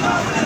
Yahudi!